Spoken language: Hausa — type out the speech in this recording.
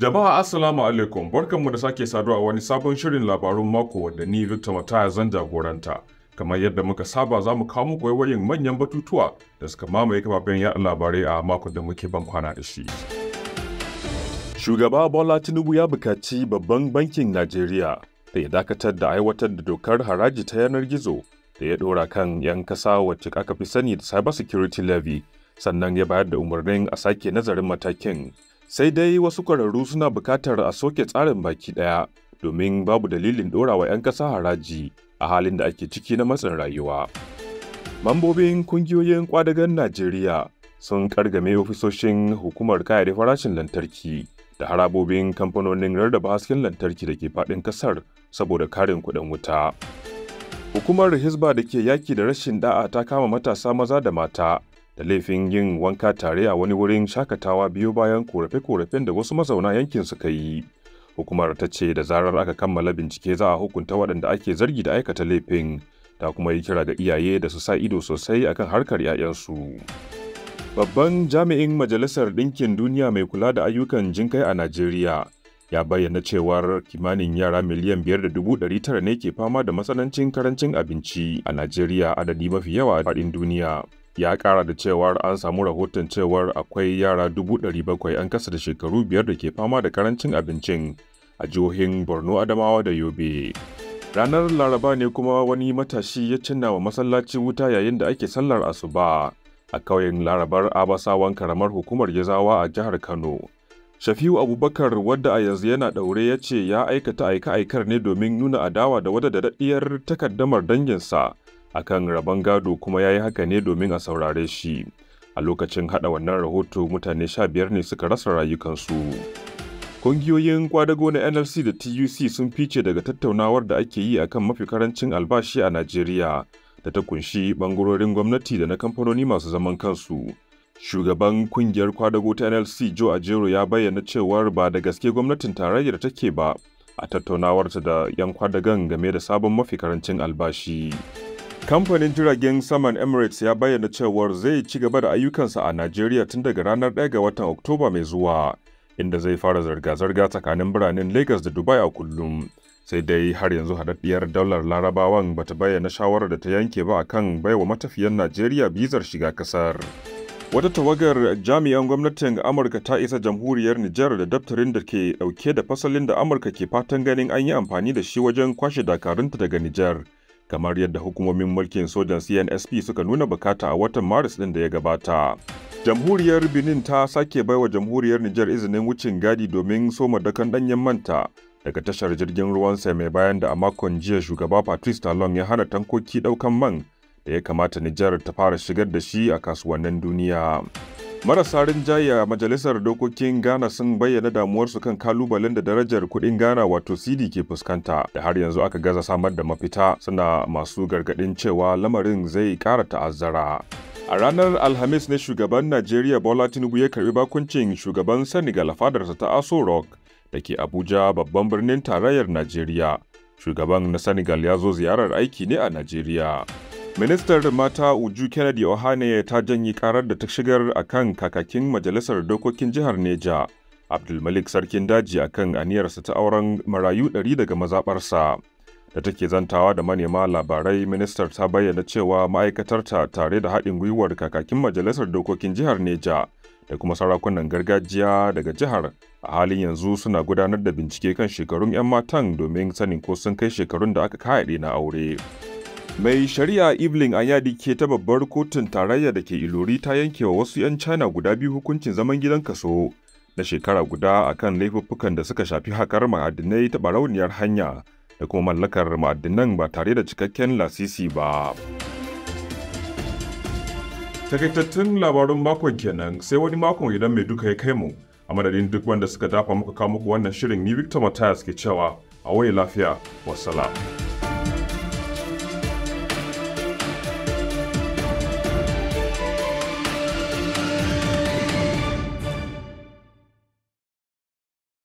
Jama'a Assalamu alaikum barkanmu da sake saduwa a wani sabon shirin labarun mako wadda ni Victor Mataya zan jagoranta. Kamar yadda muka saba za mu kawo muku wayoyin manyan batutuwa da suka mamaye kafafen yaɗa labarai a mako da muke ban kwana da shi. Shugaba Bola Tinubu ya bukaci babban bankin Najeriya da ya dakatar da aiwatar da dokar haraji ta yanar gizo da ya ɗora kan 'yan kasa wacce aka fi sani da cyber security levy sannan ya bayar da umarnin a sake nazarin matakin Sai dai wasu kwararru suna bukatar a soke tsarin baki ɗaya domin babu dalilin ɗorawa 'yan ƙasa haraji a halin da ake ciki na matsin rayuwa. Mambobin kungiyoyin kwadagan Najeriya sun kargame ofisoshin hukumar kayyade farashin lantarki da harabobin kamfanonin rarraba hasken lantarki da ke faɗin ƙasar saboda karin kuɗin wuta. Hukumar Hizba da ke yaki da rashin da'a ta kama matasa maza da mata da laifin yin wanka tare a wani wurin shakatawa biyu bayan korafe-korafen da wasu mazauna yankin suka yi. Hukumar ta ce da zarar aka kammala bincike za a hukunta waɗanda ake zargi da aikata laifin, ta kuma yi kira ga iyaye da su sa ido sosai akan harkar 'ya'yansu. Babban jami'in Majalisar Ɗinkin Duniya mai kula da ayyukan jinkai a Najeriya ya bayyana cewar kimanin yara miliyan 5.900 ne ke fama da matsanancin karancin abinci a Najeriya adadi mafi yawa a faɗin duniya. ya kara da cewar an samu rahoton cewar akwai yara 700,000 an kasa da shekaru biyar da ke fama da karancin abincin a jihohin borno adamawa da yobe ranar laraba ne kuma wani matashi ya cinna wa masallaci wuta yayin da ake sallar asuba a kauyen larabar abasawan karamar hukumar yazawa a jihar kano shafiu abubakar wadda a yanzu yana ɗaure ya ce ya aikata aika aikar ne domin nuna adawa da wadda daɗaɗɗiyar takaddamar danginsa a kan rabon gado kuma ya yi haka ne domin a saurare shi a lokacin hada wannan rahoto mutane sha biyar ne suka rasa rayukansu kungiyoyin kwadago na nlc da tuc sun fice daga tattaunawar da ake yi akan mafi karancin albashi a najeriya da ta kunshi bangarorin gwamnati da na kamfanoni masu zaman kansu shugaban kungiyar kwadago ta nlc joe ajero ya bayyana cewar ba da gaske gwamnatin tarayyar take ba a tattaunawarta da 'yan kwadagan game da sabon mafi karancin albashi. Kamfanin jiragen saman Emirates ya bayyana cewar zai ci gaba da ayyukansa a Najeriya tun daga ranar 1 ga watan Oktoba mai zuwa, inda zai fara zirga-zirga tsakanin biranen Lagos da Dubai a kullum. Sai dai har yanzu haɗaɗɗiyar daular Larabawan bata bayyana shawarar da ta yanke ba a kan baiwa matafiyan Najeriya bizar shiga kasar. Wata tawagar jami'an gwamnatin Amurka ta isa jamhuriyar Nijar da daftarin da ke ɗauke da fasalin da Amurka ke fatan ganin an yi amfani da shi wajen kwashe dakarunta daga Nijar. kamar yadda hukumomin mulkin sojan CNSP suka nuna bukata a watan Maris ɗin da ya gabata. Jamhuriyar Benin ta sake baiwa Jamhuriyar Nijar izinin wucin gadi domin soma dakan ɗanyen manta daga tashar jirgin ruwan sai mai bayan da a makon jiya shugaba Patrice Talon ya hana tankoki ɗaukan man da ya kamata Nijar ta fara shigar da shi a kasuwannin duniya. Marasa rinjaye a Majalisar Dokokin Ghana sun bayyana damuwarsu kan kalubalen da darajar kuɗin Ghana wato CD ke fuskanta da har yanzu aka gaza samar da mafita suna masu gargaɗin cewa lamarin zai kara ta'azzara. A ranar Alhamis ne shugaban Najeriya Bola Tinubu ya karbi bakuncin shugaban Senegal a fadarsa ta Aso Rock da ke Abuja babban birnin tarayyar Najeriya. Shugaban na Senegal ya zo ziyarar aiki ne a Najeriya. Ministar Mata Uju Kennedy Ohane ta janyi karar da ta shigar a kan kakakin Majalisar Dokokin Jihar Neja, Abdulmalik Sarkin Daji a kan aniyarsa ta auren marayu ɗari daga mazaɓarsa. Da take zantawa da manema labarai, ministar ta bayyana cewa ma'aikatarta tare da haɗin gwiwar kakakin Majalisar Dokokin Jihar Neja da kuma sarakunan gargajiya daga jihar a halin yanzu suna gudanar da bincike kan shekarun 'yan matan domin sanin ko sun kai shekarun da aka kayaɗe na aure. Mai shari'a Evelyn Anyadi ke ta babbar kotun tarayya da ke Ilori ta yanke wa wasu 'yan China guda biyu hukuncin zaman gidan kaso na shekara guda a kan laifuffukan da suka shafi hakar ma'adinai ta barauniyar hanya da kuma mallakar ma'adinan ba tare da cikakken lasisi ba. Takaitattun labarun makon kenan sai wani makon idan mai duka ya kai mu. a madadin duk wanda suka dafa muka kawo muku wannan shirin ni Victor Matthias ke cewa a waye lafiya wasala